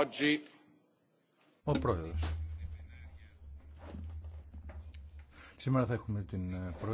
Oggi... Ο πρόεδρος. Σήμερα θα έχουμε την ε, πρώτη